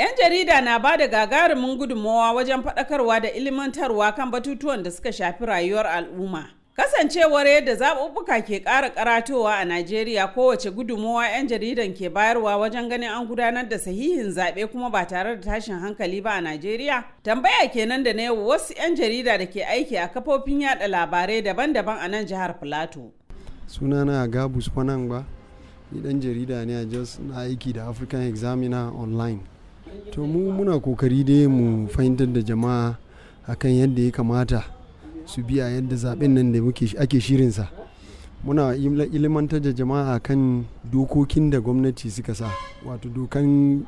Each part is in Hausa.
'Yan jarida na ba da gagarumin gudummawa wajen faɗakarwa da ilimantarwa kan batutuwan da suka shafi rayuwar al'umma. Kasancewar yadda zaɓuɓɓuka ke ƙara karatowa a Najeriya kowace gudummawa 'yan jaridan ke bayarwa wajen ganin an gudanar da sahihin zaɓe kuma ba tare da tashin hankali ba a Najeriya. Tambaya kenan da na yau wasu 'yan jarida da ke aiki a kafofin yada labarai daban-daban a nan jihar Filato. Sunana gabus Spanang ba, ni dan jarida ne a Jos na aiki da African Examiner Online. to mu muna kokari dai mu fahimtar da jama'a akan yadda ya kamata su biya yadda zaben nan da ake shirinsa muna ilimantar da jama'a kan dokokin da gwamnati suka sa wato dokan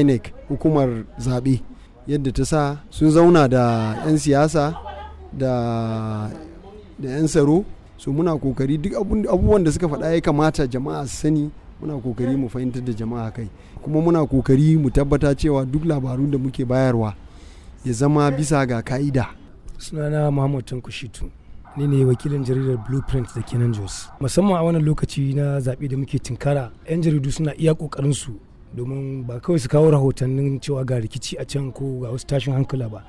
inec hukumar zaɓe yadda ta sa sun zauna da 'yan siyasa da 'yan tsaro so muna kokari duk abubuwan da suka faɗa ya kamata jama'a su sani muna kokari mu fahimtar da jama'a kai kuma muna kokari mu tabbata cewa duk labarun da muke bayarwa ya zama bisa ga ka'ida sunana muhammad tankushitu ni ne wakilin jaridar blueprint da kenan jos musamman a wannan lokaci na zaɓe da muke tinkara 'yan jaridu suna iya su domin ba kawai su kawo rahotannin cewa ga rikici a can ko ga wasu tashin hankala ba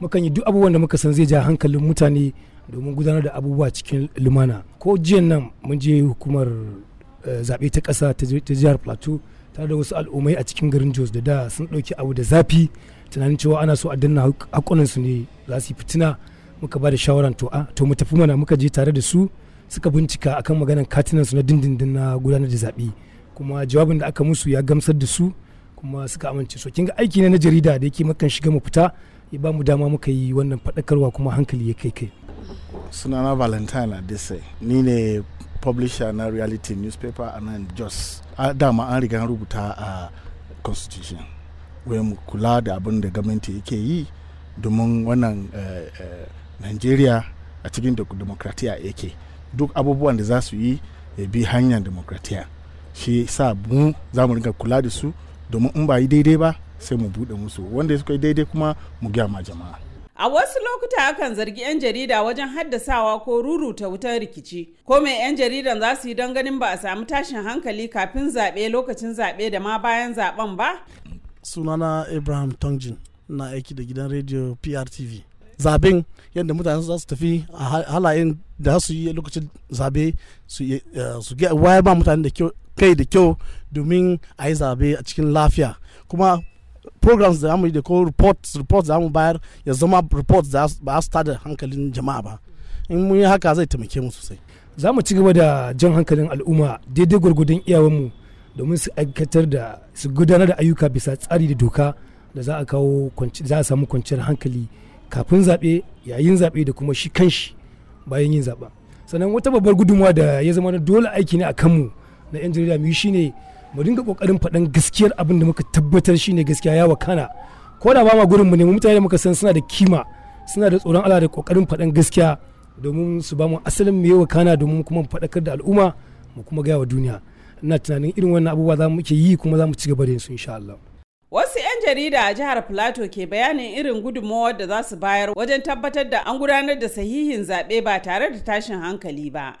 mukan yi duk abubuwan da muka san zai ja hankalin mutane domin gudanar da abubuwa cikin lumana ko jiyan nan mun je hukumar zaɓe ta ƙasa ta jihar plateau tare da wasu al'ummai a cikin garin jos da da sun ɗauki abu da zafi tunanin cewa ana so a danna su ne za su yi fitina muka ba da shawaran to a to mu tafi mana muka je tare da su suka bincika akan maganar katinansu na dindindin na gudanar da zaɓe kuma jawabin da aka musu ya gamsar da su kuma suka amince so kinga aiki ne na jarida da yake makan shiga mu fita ya ba mu dama muka yi wannan faɗakarwa kuma hankali ya kai kai sunana valentine adesai ni ne publisher na reality newspaper and then jos dama an riga rubuta a constitution wai mu kula da abin da gwamnati yake yi domin wannan eh, eh, nigeria a cikin demokratiya yake duk abubuwan da za su yi ya bi hanyar demokratiya shi sa mu za mu riga kula da su domin in ba yi daidai ba sai mu buɗe musu wanda suka yi daidai kuma mu gaya ma jama'a A wasu lokuta akan zargi 'yan jarida wajen haddasawa ko ruruta wutar rikici, ko mai 'yan jaridan za su yi don ganin ba a samu tashin hankali kafin zaɓe lokacin zaɓe da ma bayan zaɓen ba? Sunana Ibrahim Tongjin na aiki da gidan rediyo PRTV. Zaben yadda mutane za su tafi a halayen da su yi lokacin zabe su ba eh, mutane kai da kyau domin a yi zabe a cikin lafiya. Kuma programs da mu yi da ko reports reports da mu bayar ya zama reports da ba su tada hankalin jama'a ba in mun yi haka zai taimake mu sosai za mu ci gaba da jan hankalin al'umma daidai gwargwadon iyawanmu domin su aikatar da su gudanar da ayyuka bisa tsari da doka da za a kawo za a samu kwanciyar hankali kafin zaɓe yayin zaɓe da kuma shi kanshi bayan yin zaɓa sannan wata babbar gudunmawa da ya zama dole aiki ne a kanmu na 'yan jarida mu yi shine mu dinga kokarin faɗan gaskiyar abin da muka tabbatar shi ne gaskiya ya wakana ko da ba ma gurin mu ne mutane da muka san suna da kima suna da tsoron Allah da kokarin faɗan gaskiya domin su ba mu asalin mu yawa kana domin kuma mu faɗakar da al'umma mu kuma gaya wa duniya ina tunanin irin wannan abubuwa za mu ke yi kuma za mu ci gaba da su insha Allah Wasu 'yan jarida a jihar Plateau ke bayanin irin gudunmawar da za su bayar wajen tabbatar da an gudanar da sahihin zaɓe ba tare da tashin hankali ba.